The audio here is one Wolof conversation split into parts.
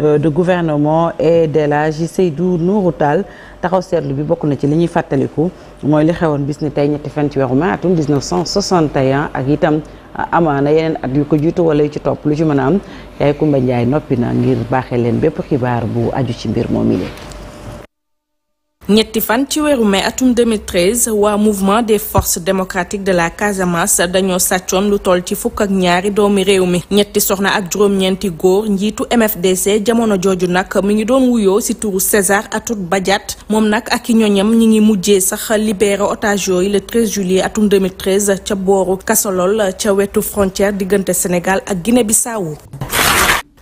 Euh, de gouvernement et de la Seydou Nourou Tall taxaw seetlu bi bokk na ci li ñuy fàttaliku mooy li xewoon bis ni tey ñetti fan ci weeru mai atum 1961 ak itam amaana yeneen at yu ko jiitu wala yu ci topp lu ci mën a am yaay Kumba Njaay noppi na ngir baaxee leen bépp xibaar bu aju ci mbir moom mi ñetti fan ci weeru mai atum 2013 waa mouvement des forces démocratiques de la Casamance dañoo sàccoon lu toll ci fukk ak ñaari doomi réew mi ñetti soxna ak juróom góor njiitu MFDC jamono jooju nag mi ngi doon wuyoo si turu César Atoute Badiate moom nag ak i ñoñam ñi ngi mujjee sax libéré otage yooyu le 13 juillet atum 2013 ca booru Kasolol ca wetu frontière diggante Sénégal ak Guinée-Bissau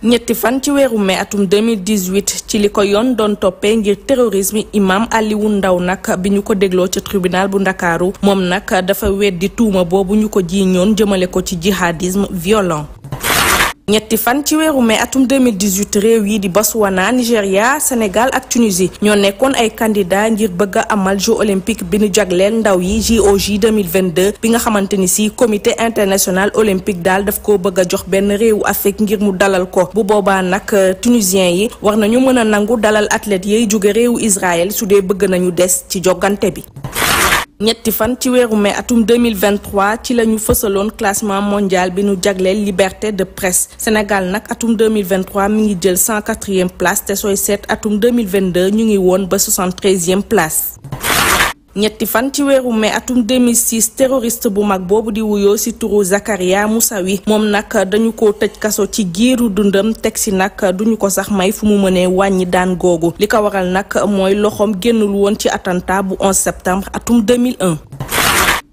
ñetti fan ci weeru mai atum 2018 ci li ko yoon doon toppee ngir terrorisme imam Aliou ndaw nag bi ñu ko dégloo ca tribunal bu ndakaaru moom nag dafa weddi tuuma boobu ñu ko jiiñoon jëmale ko ci jihadisme violent ñetti fan ci weeru mai atum 2018 réew yi di Botswana Nigéria Sénégal ak Tunisie ñoo nekkoon ay candidat ngir bëgg a amal jeux olympique bi ñu jagleel ndaw yi JOJ 2022 bi nga xamante ni si comité international olympique daal daf ko bëgg jox benn réewu Afrique ngir mu dalal ko bu boobaa nag euh, tunisien yi war nañu mën a nangu dalal athlètes yay jóge réewu Israël su dee bëgg nañu des ci jogante bi ñetti fan ci weeru mai atum 2023 ci la ñu fësaloon classement mondial bi ñu jagleel liberté de presse Sénégal nag atum 2023 mi ngi jël 104e place te sooy seet atum 2022 ñu ngi woon ba 73e place. ñetti fan ci weeru mai atum 2006 terroriste bu mag boobu di wuyoo si turu Zakaria Moussaoui moom nag dañu ko tëj kaso ci giiru dundam teg si nag duñu ko sax may fu mu mënee wàññi daan googu li ko waral nag mooy loxoom génnul woon ci attentat bu 11 septembre atum 2001.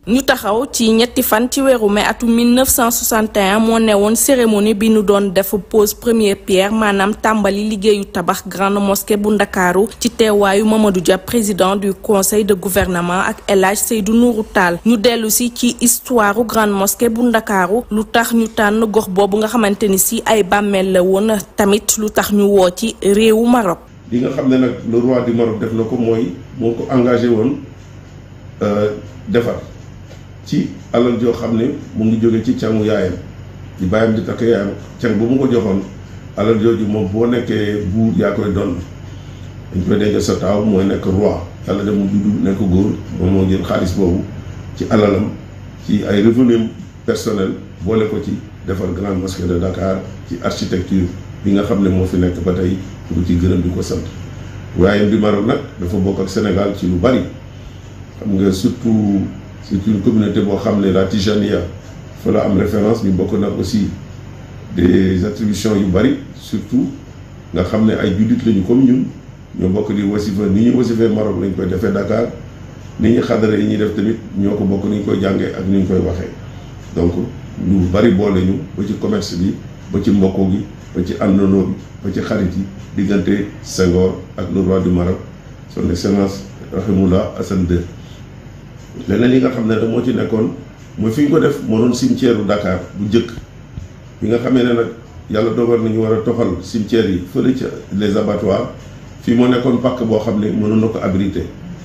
ñu taxaw ci ñetti fan ci weeru mai atum 1961 moo newoon cérémonie bi nu doon def pose premier pierre maanaam tàmbali liggéeyu tabax grande mosquée bu ndakaaru ci teewaayu Mamadou Dia président du conseil de gouvernement ak El Hadj Seydou Nourou ñu dellu si ci histoire grande mosquée bu ndakaaru lu tax ñu tànn gox boobu nga xamante ni si ay bàmmeel la woon tamit lu tax ñu woo ci réewu Maroc. li nga xam ne nag le roi du Maroc def na ko mooy moo ko engagé woon euh, ci alal joo xam ne mu ngi jóge ci cangu yaayam di bàyyam di takk yaayam càng bu mu ko joxoon alal jooju moom boo nekkee buur yaa koy doon dañ koy denc sa taaw mooy nekk roi yàlla dem mu juddu nekk góor moom moo jël xaalis boobu ci alalam ci ay revenu personnel boole ko ci defar grande mosquée de Dakar ci architecture bi nga xam ne moo fi nekk ba tey pour ci gërëm di ko sant waaye bi Maroc nag dafa bokk ak Sénégal ci lu bari xam nga surtout c'est une communauté boo xam ne la Tijaniya fa la am référence ñu bokk nag aussi des attributions yu bari surtout nga xam ne ay jullit lañu comme ñun ñoo bokk di wasifa ni ñuy wasifee Maroc lañu koy defee Dakar ni ñuy xadara yi ñuy def tamit ñoo ko bokk ni ñu koy jàngee ak ni ñu koy waxee donc ñu bari boole ñu ba ci commerce bi ba ci mbokku gi ba ci àndandoo bi ba ci xarit yi diggante Senghor ak le roi du Maroc son excellence rahimullah Hassan II leneen yi nga xam ne moo ci nekkoon mooy fi ñu ko def moo doon cimetière bu bu njëkk bi nga xamee ne nag yàlla dogal nañu war a toxal cimetière yi fële ca les abattoirs fii moo nekkoon pàkk boo xam ne mënoon na ko abrité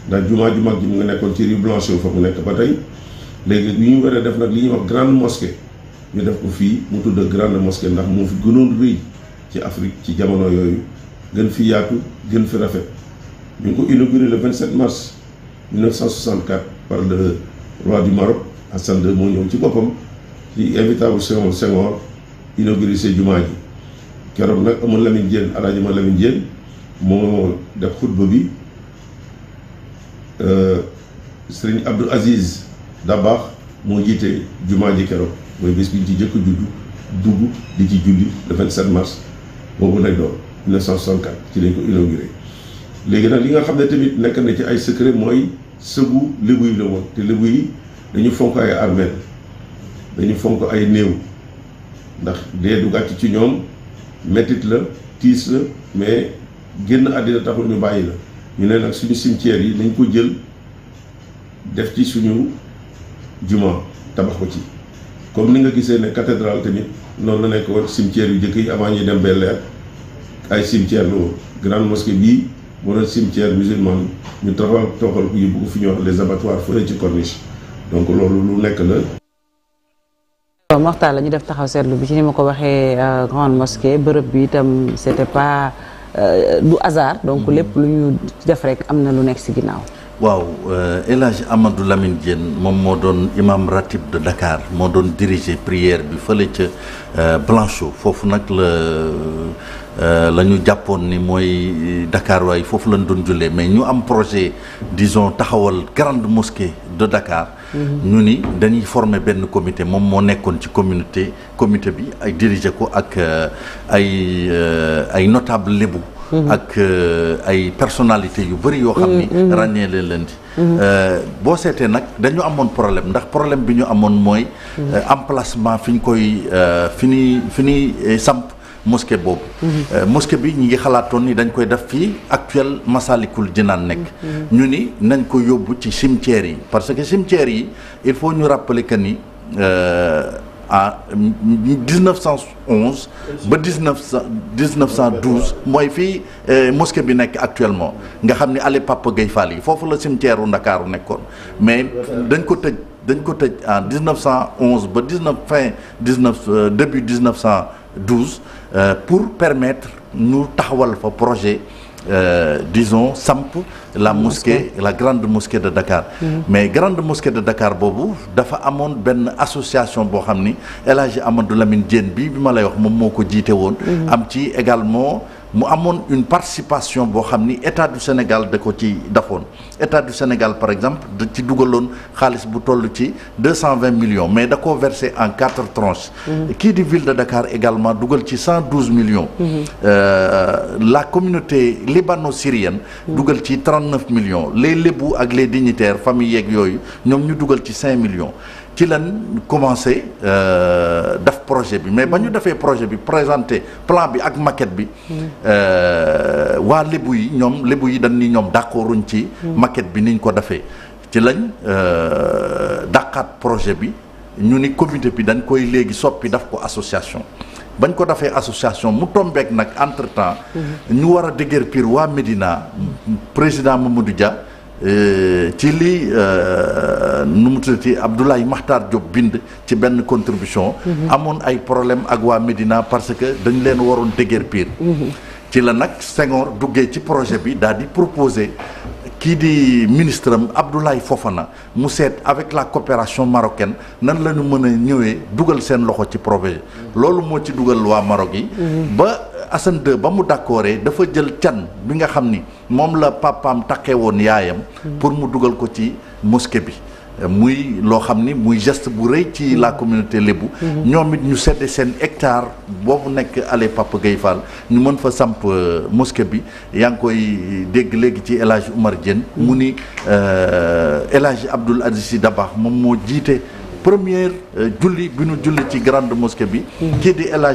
ndax jumaa ju mag ji mu nga nekkoon ci rue Blanchot fa mu nekk ba tey léegi li ñu waree def nag li ñu wax grande mosquée ñu def ko fii mu tudd grande mosquée ndax moo fi gënoon rëy ci Afrique ci jamono yooyu gën fi yaatu gën fi rafet ñu ngi ko inauguré le 27 mars 1964. par le roi du Maroc Hassan II moo ñëw ci boppam ci invitation Senghor inauguré see jumaa ji keroog nag amul Lamine Diène alaaji ma Lamine Diène moo def xutba bi euh, sëriñ Abdou Aziz Dabakh moo jiite jumaa ji keroog mooy bés bi ci jëkk juddu dugg di ci julli le 27 mars boobu lay doon 1964 ci lañ ko inauguré léegi nag li nga xam ne tamit nekk na ci ay secret mooy sëgu lébu yi la woon te lébu yi dañu fonk ay armeel dañu fonk ay néew ndax dee du gàcc ci ñoom mettit la tiis la mais génn àddina taxul ñu bàyyi la ñu ne nag suñu cimetière yi nañ ko jël def ci suñu jumaa tabax ko ci comme ni nga gisee ne cathédrale tamit noonu la nekk woon cimetière yu jëkk yi avant ñuy dem Bel-Air ay cimetière la woon grande mosquée bii moo doon cimetière musulman donc loolu lu nekk la. waaw def taxaw seetlu bi ci ni ma ko waxee euh, grande mosquée bërëb bi itam c'était pas euh, du hasard. donc mm-hmm. lépp lu ñu def rek am na lu nekk ci ginnaaw. waaw euh, El Hadj Amadou Lamine Diène moom moo doon imam ratib de Dakar moo doon diriger prière bi fële ca Blanchot foofu nag la. Euh, la ñu jàppoon ni mooy euh, dakaar waaye foofu lañ doon jullee mais ñu am projet dison taxawal grande mosquée de Dakar. Mhm. ñu ni dañuy former benn comité moom moo nekkoon ci communauté comité bi ay diriger ko ak euh, ay ay notable lébu. Mhm. ak ay personnalité yu bëri yoo xam ni mhm, ràññee leen leen di boo seetee nag dañu amoon problème ndax problème bi ñu amoon mooy emplacement fi ñu koy fi ñuy fi ñuy samp mosquée boobu. Euh, mosquée bi ñu ngi xalaatoon ni dañ koy def fii actuel Masalikul Jinaan nekk. ñu ni nañ ko yóbbu ci cimetière yi parce que cimetière yi il faut ñu rappeler que ni. ah euh, 1911 ba 19 1912 mooy fii euh, mosquée bi nekk actuellement nga xam ni allée Papa Gueye yi foofu la cimetière u Ndakaaru nekkoon mais dañ ko tëj dañ ko tëj en 1911 ba 19 fin 19 début 1912 Euh, pour permettre ñu taxawal fa projet euh, disons samp la mosquée la grande mosquée de Dakar mm-hmm. mais grande mosquée de Dakar boobu dafa amoon benn association boo xam ni El Hadji Amadou Lamine Diène bi bi ma lay wax moom moo ko jiite woon mm-hmm. am ci également mu amoon une participation boo xam ni état du Sénégal da ko ci dafoon état du Sénégal par exemple da ci dugaloon xaalis bu toll ci deux cent vingt millions mais da ko versé en quatre tranches. Mhm. kii di ville de Dakar également dugal ci cent douze millions. Mhm. Euh, la communauté libano-syrienne. Mhm. dugal ci trente neuf millions les lébu ak les dignitaires famille yeeg yooyu ñoom ñu dugal ci cinq millions. ci lan commencé euh, def projet bi mais ba ñu defee projet bi présenté plan bi ak maquette bi mm. euh, waa lebu yi ñoom lebu yi dañ ni ñoom d'accorduñ ci mm. maquette bi niñ ko defee ci lañ euh, dàqaat projet bi ñu ni comité bi dañ koy léegi soppi daf ko association bañ ko defee association mu tombeek nag entre temps mm-hmm. ñu war a déguerpir waa Médina président Mamadou ja Euh, ci li euh, nu mu tuddati Abdoulaye Makhtar Diop bind ci benn contribution. Mhm. amoon ay problème ak waa Médina parce que dañ leen waroon déguerpir. Mhm. ci la nag Senghor duggee ci projet bi daal di proposer kii di ministre am foofa Fofana mu seet avec la coopération marocaine nan la mën a ñëwee dugal seen loxo ci projet. Mhm. loolu moo ci dugal waa Maroc yi. ba Assane 2 ba mu d'accordé dafa jël can bi nga xam ni moom la papaam takkee woon yaayam pour mu dugal ko ci mosquée bi muy loo xam ni muy geste bu rëy ci la communauté lébu ñoom it ñu sedde seen hectare boobu nekk ale Papa Gueye Fall ñu mën fa samp euh, mosquée bi yaa ngi koy dégg léegi ci élage Hadj Oumar mu ni euh, El Hadj Abdoul Aziz Sy Dabakh moom moo jiite première euh, julli bi nu julli ci grande mosquée bi hmm. kii di El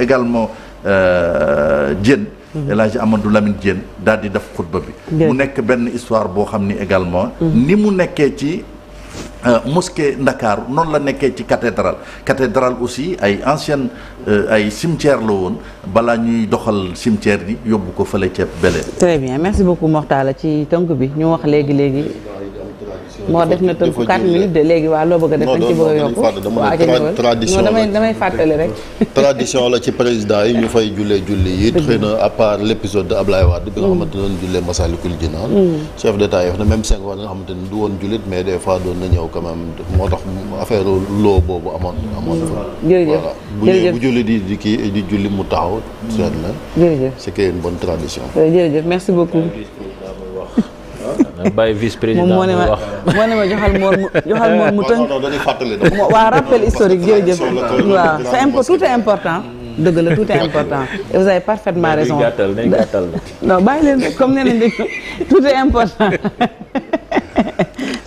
également jën euh, mm-hmm. El Hadj Amadou Lamine Diène daal di def xutba bi mu nekk benn histoire boo xam ni également mm-hmm. ni mu nekkee ci euh, mosquée Ndakaaru noonu la nekkee ci cathédrale cathédrale aussi ay ancienne euh, ay cimetière la woon balaa ñuy doxal cimetière yi yóbbu ko fële ceeb belee très bien merci beaucoup Mokhtar la ci tënk bi ñu wax léegi léegi moo def na tënk 4 minutes de léegi waa loo bëgg a def. dañ ci bëgg a tradition la ci président yi ñu fay jullee julli yi. xëy na à part l' épisode de Ablaye Wade bi nga mm. xamante doon jullee Massalikul Jinaan. Mm. chef d' état yi wax na même cinq war nga xamante du woon jullit mais des fois doon na ñëw quand moo tax affaire loo boobu amoon amoon fa. jërëjëf bu julli di di kii di julli mu taxaw. seet la. jërëjëf c' est une bonne tradition. Euh, jërëjëf merci beaucoup. bàyyi vice président moom moo ne ma moo ne ma joxal moor mu joxal moor eh, rappel historique jërëjëf waaw important tout est important dëgg la tout est important et vous avez parfaitement raison non leen comme nee nañ tout est important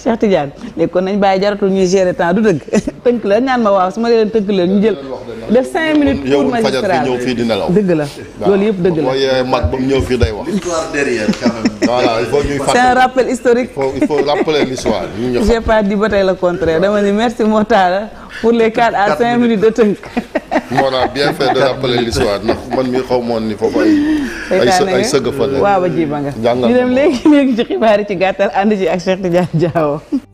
Cheikh Tidiane léegi kon nañ bàyyi jaratul ñuy gérer temps du dëgg tënk la ñaan ma waaw su ma leen tënk la ñu jël def cinq minutes pour magistral yow ñëw fii di nelaw dëgg la loolu yëpp dëgg la eh, mag ba mu ñëw fii day wax l'histoire ñuy fàttali c'est ba tey le contraire dama ni merci Mortala pour les quatre à cinq minutes de tënk moo bien fait de rappeler l'histoire ndax man mii xaw moon ni foofu ay ay sëgg fa waaw ba ji ba nga ñu dem léegi léegi ci xibaar yi ci gàttal ànd ci ak Cheikh Tidiane Diawo